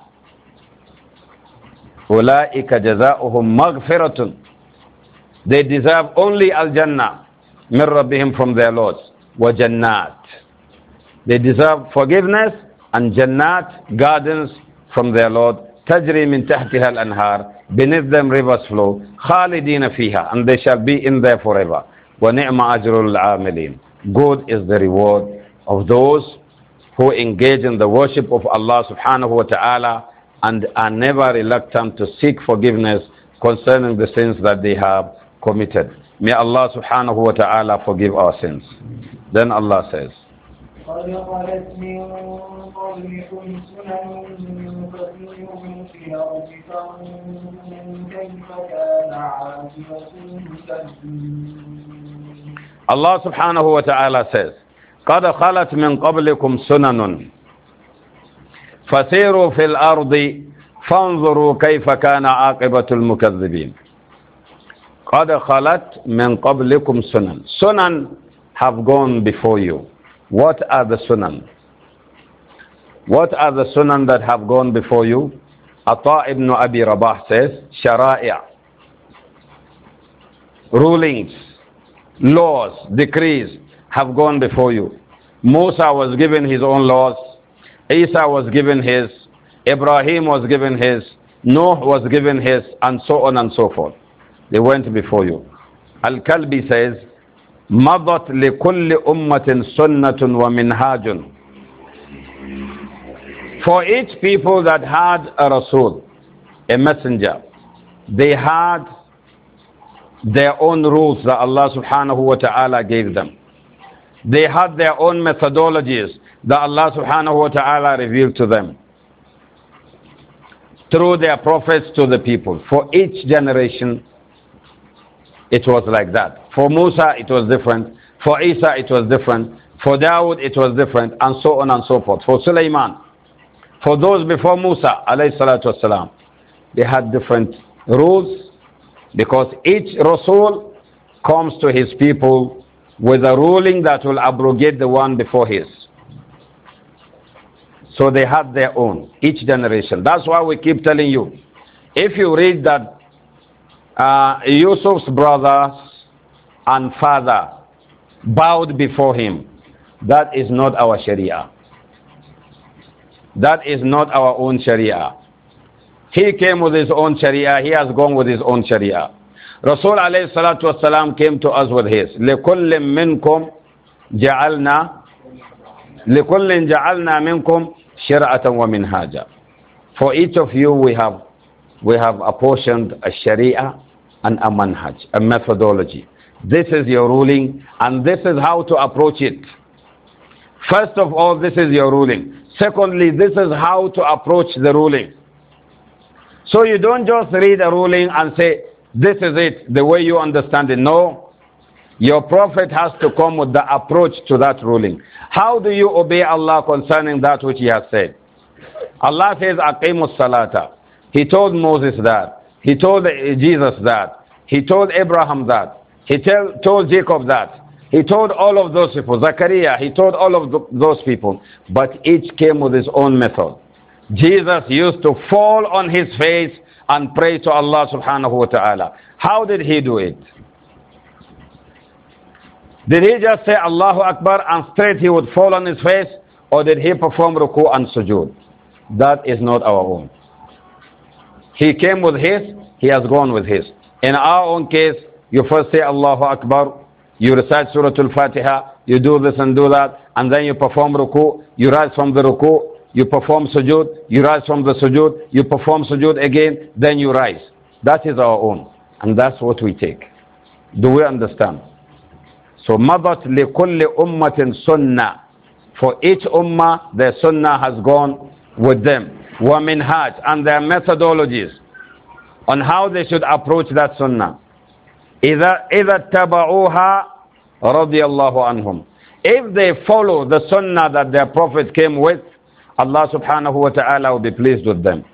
أولئك جزاؤهم مغفرة They deserve only Al Jannah من rabbihim from their lords وجنات They deserve forgiveness and Jannat gardens from their Lord تجري من al-anhar, beneath them rivers flow Khalidina fiha. and they shall be in there forever Good is the reward of those who engage in the worship of Allah subhanahu wa ta'ala and are never reluctant to seek forgiveness concerning the sins that they have committed. May Allah subhanahu wa ta'ala forgive our sins. Then Allah says, Allah subhanahu wa ta'ala says, قَدْ خَلَتْ مِنْ قَبْلِكُمْ سُنَنٌ فَسِيرُوا فِي الْأَرْضِ فَانْظُرُوا كَيْفَ كَانَ عَاقِبَةُ الْمُكَذِّبِينَ قَدْ خَلَتْ مِنْ قَبْلِكُمْ سُنَنٌ Sunan have gone before you. What are the sunan? What are the sunan that have gone before you? Ata ibn Abi Rabah says, Shara'i' rulings laws, decrees have gone before you. Musa was given his own laws. Isa was given his. Ibrahim was given his. Noah was given his, and so on and so forth. They went before you. Al-Kalbi says, li مضت ummatin sunnatun wa minhajun. For each people that had a Rasul, a messenger, they had their own rules that Allah subhanahu wa ta'ala gave them. They had their own methodologies that Allah subhanahu wa ta'ala revealed to them through their prophets to the people. For each generation, it was like that. For Musa, it was different. For Isa, it was different. For Dawood, it was different. And so on and so forth. For Sulaiman, for those before Musa, alayhi salatu wasalam, they had different rules because each Rasul comes to his people with a ruling that will abrogate the one before his. So they had their own, each generation. That's why we keep telling you. If you read that uh, Yusuf's brothers and father bowed before him, that is not our Sharia. That is not our own Sharia. He came with his own Sharia, he has gone with his own Sharia. Rasul alayhi salatu wasalam came to us with his. لِكُلٍ مِّنْكُمْ جَعَلْنَا لِكُلٍ جَعَلْنَا مِنْكُمْ شِرْعَةً وَمِنْهَاجًا For each of you we have, we have apportioned a Sharia and a manhaj, a methodology. This is your ruling and this is how to approach it. First of all, this is your ruling. Secondly, this is how to approach the ruling. So you don't just read a ruling and say, this is it, the way you understand it. No. Your prophet has to come with the approach to that ruling. How do you obey Allah concerning that which He has said? Allah says, Aqimus Salata. He told Moses that. He told Jesus that. He told Abraham that. He tell, told Jacob that. He told all of those people, Zachariah, he told all of those people, but each came with his own method. Jesus used to fall on his face and pray to Allah subhanahu wa ta'ala. How did he do it? Did he just say Allahu Akbar and straight he would fall on his face? Or did he perform ruku and sujood? That is not our own. He came with his, he has gone with his. In our own case, you first say Allahu Akbar, you recite Surah Al-Fatiha, you do this and do that, and then you perform ruku, you rise from the ruku, you perform sujood, you rise from the sujood, you perform sujood again, then you rise. That is our own. And that's what we take. Do we understand? So, مضت لكل أمة sunnah, For each ummah, their sunnah has gone with them. ومنهاج and their methodologies on how they should approach that sunnah. إذا إذا اتبعوها رضي الله عنهم. If they follow the sunnah that their prophet came with, Allah subhanahu wa ta'ala will be pleased with them.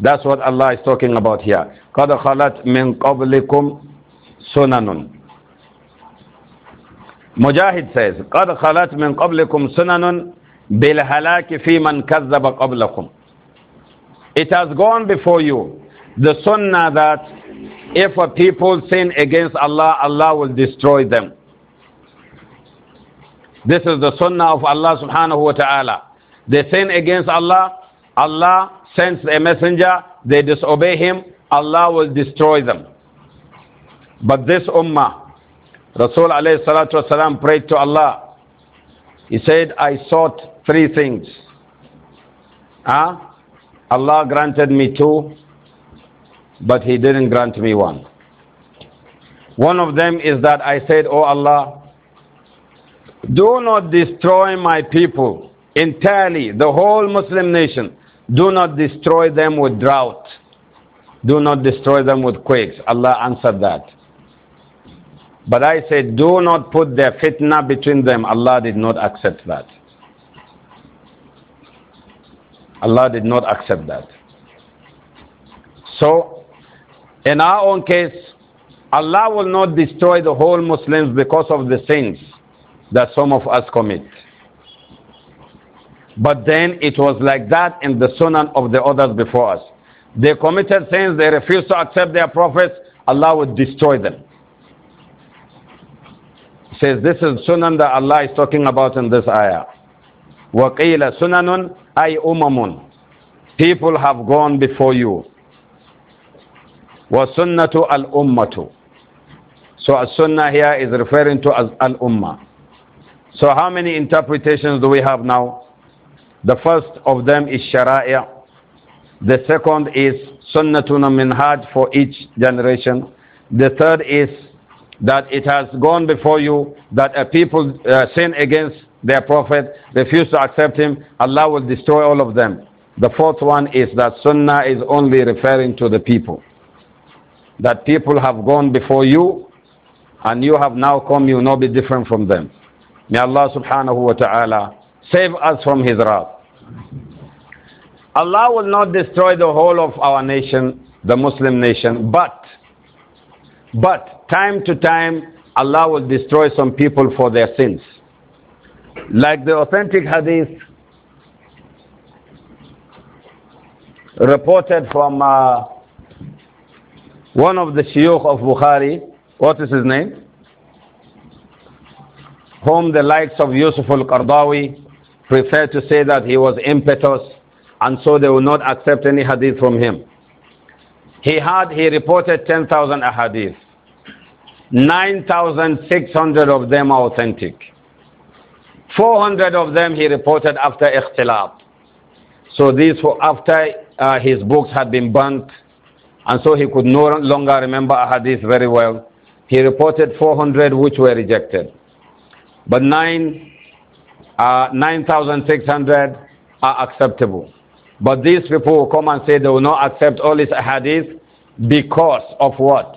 That's what Allah is talking about here. قَدْ خَلَتْ مِنْ قَبْلِكُمْ سُنَنٌ Mujahid says, قَدْ خَلَتْ مِنْ قَبْلِكُمْ سُنَنٌ بِالْهَلَاكِ فِي مَنْ كَذَّبَ قَبْلَكُمْ It has gone before you, the sunnah that if a people sin against Allah, Allah will destroy them. This is the sunnah of Allah subhanahu wa ta'ala. They sin against Allah. Allah sends a messenger. They disobey him. Allah will destroy them. But this ummah, Rasul alayhi salatu wasalam prayed to Allah. He said, I sought three things. Huh? Allah granted me two, but He didn't grant me one. One of them is that I said, Oh Allah, do not destroy my people entirely, the whole Muslim nation. Do not destroy them with drought. Do not destroy them with quakes. Allah answered that. But I said, do not put their fitna between them. Allah did not accept that. Allah did not accept that. So, in our own case, Allah will not destroy the whole Muslims because of the sins that some of us commit. But then it was like that in the sunan of the others before us. They committed sins, they refused to accept their prophets, Allah would destroy them. He says this is sunan that Allah is talking about in this ayah. وَقِيلَ سُنَنٌ أَيْ أُمَمٌ People have gone before you. وَسُنَّةُ الْأُمَّةُ So as-sunnah here is referring to as al umma. So how many interpretations do we have now? The first of them is shariah. The second is Sunnatun Minhaj for each generation. The third is that it has gone before you that a people uh, sin against their prophet, refuse to accept him, Allah will destroy all of them. The fourth one is that Sunnah is only referring to the people. That people have gone before you and you have now come, you will not be different from them. May Allah subhanahu wa ta'ala Save us from his wrath. Allah will not destroy the whole of our nation, the Muslim nation, but, but time to time, Allah will destroy some people for their sins. Like the authentic hadith reported from uh, one of the shiuch of Bukhari, what is his name? Whom the likes of Yusuf al-Qardawi preferred to say that he was impetuous and so they will not accept any hadith from him. He had, he reported 10,000 ahadith. 9,600 of them are authentic. 400 of them he reported after ikhtilaf. So these were after uh, his books had been burnt and so he could no longer remember ahadith very well. He reported 400 which were rejected. But nine uh, 9,600 are acceptable. But these people will come and say they will not accept all these hadith because of what?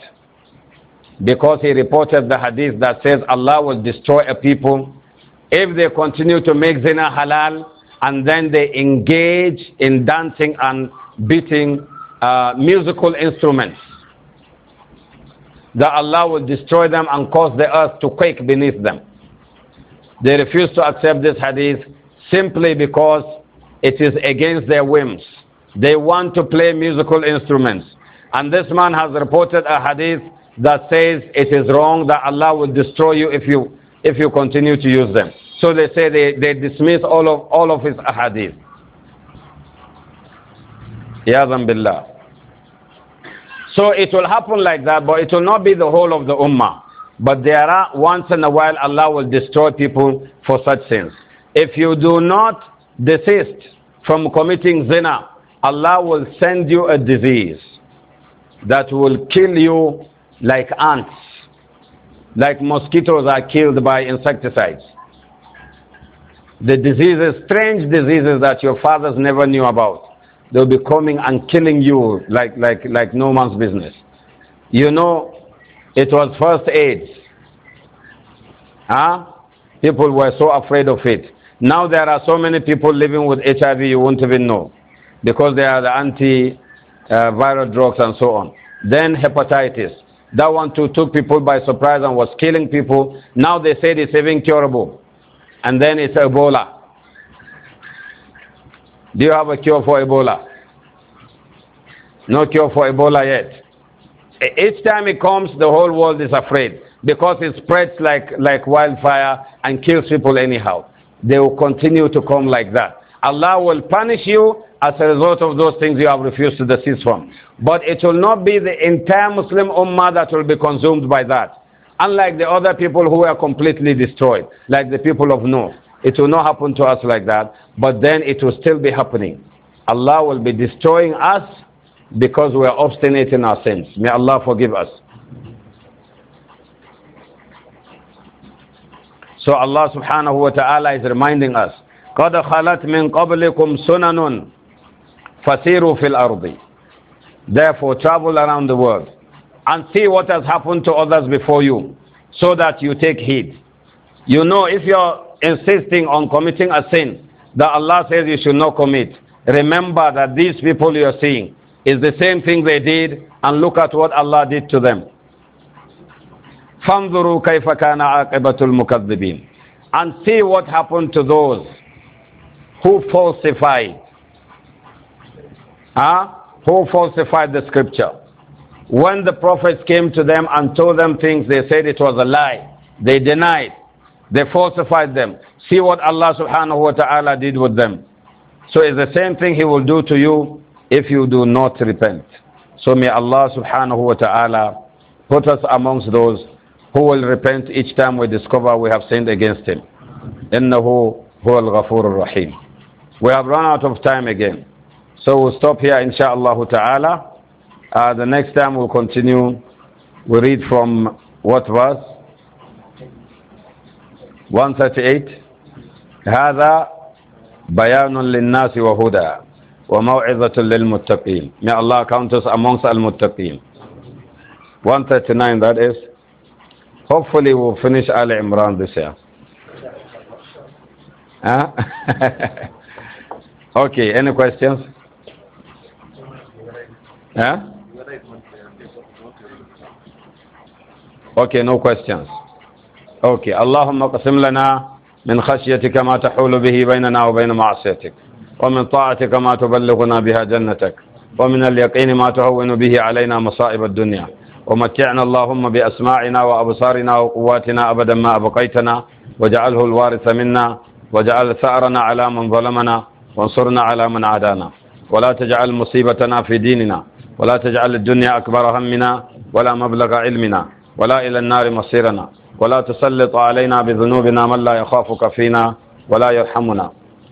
Because he reported the hadith that says Allah will destroy a people if they continue to make zina halal and then they engage in dancing and beating uh, musical instruments. That Allah will destroy them and cause the earth to quake beneath them. They refuse to accept this hadith simply because it is against their whims. They want to play musical instruments. And this man has reported a hadith that says it is wrong that Allah will destroy you if you, if you continue to use them. So they say they, they dismiss all of, all of his hadith. Yazan billah. So it will happen like that, but it will not be the whole of the ummah. But there are once in a while Allah will destroy people for such sins. If you do not desist from committing zina, Allah will send you a disease that will kill you like ants, like mosquitoes are killed by insecticides. The diseases, strange diseases that your fathers never knew about, they'll be coming and killing you like, like, like no man's business. You know, it was first aid. Huh? People were so afraid of it. Now there are so many people living with HIV you won't even know because they are the anti-viral drugs and so on. Then hepatitis. That one too took people by surprise and was killing people. Now they said it's even curable. And then it's Ebola. Do you have a cure for Ebola? No cure for Ebola yet. Each time it comes, the whole world is afraid because it spreads like, like wildfire and kills people anyhow. They will continue to come like that. Allah will punish you as a result of those things you have refused to desist from. But it will not be the entire Muslim Ummah that will be consumed by that. Unlike the other people who were completely destroyed, like the people of Noah. It will not happen to us like that, but then it will still be happening. Allah will be destroying us because we are obstinate in our sins. May Allah forgive us. So Allah subhanahu wa ta'ala is reminding us, قَدْ خَلَتْ مِنْ قَبْلِكُمْ سُنَنٌ فَسِيرُوا فِي الْأَرْضِ Therefore, travel around the world and see what has happened to others before you so that you take heed. You know, if you're insisting on committing a sin that Allah says you should not commit, remember that these people you're seeing, is the same thing they did and look at what Allah did to them. فَانْظُرُوا كَيْفَ كَانَ عَاقِبَةُ الْمُكَذِّبِينَ And see what happened to those who falsified. Huh? Who falsified the scripture. When the prophets came to them and told them things, they said it was a lie. They denied. They falsified them. See what Allah subhanahu wa ta'ala did with them. So it's the same thing He will do to you if you do not repent. So may Allah subhanahu wa ta'ala put us amongst those who will repent each time we discover we have sinned against him. إنه هو ghafur Rahim. We have run out of time again. So we'll stop here inshallah ta'ala. Uh, the next time we'll continue. We read from what verse? 138. هذا بيان للناس وهدى وَمَوْعِظَةٌ لِلْمُتَّقِينَ May Allah count us amongst المتقين 139 that is. Hopefully we'll finish Al Imran this year. Huh? okay, any questions? Huh? Okay, no questions. Okay, اللهم اقسم لنا من خشيتك ما تحول به بيننا وبين معصيتك. ومن طاعتك ما تبلغنا بها جنتك ومن اليقين ما تهون به علينا مصائب الدنيا ومتعنا اللهم بأسماعنا وأبصارنا وقواتنا أبدا ما أبقيتنا واجعله الوارث منا واجعل ثأرنا على من ظلمنا وانصرنا على من عادانا ولا تجعل مصيبتنا في ديننا ولا تجعل الدنيا أكبر همنا ولا مبلغ علمنا ولا إلى النار مصيرنا ولا تسلط علينا بذنوبنا من لا يخافك فينا ولا يرحمنا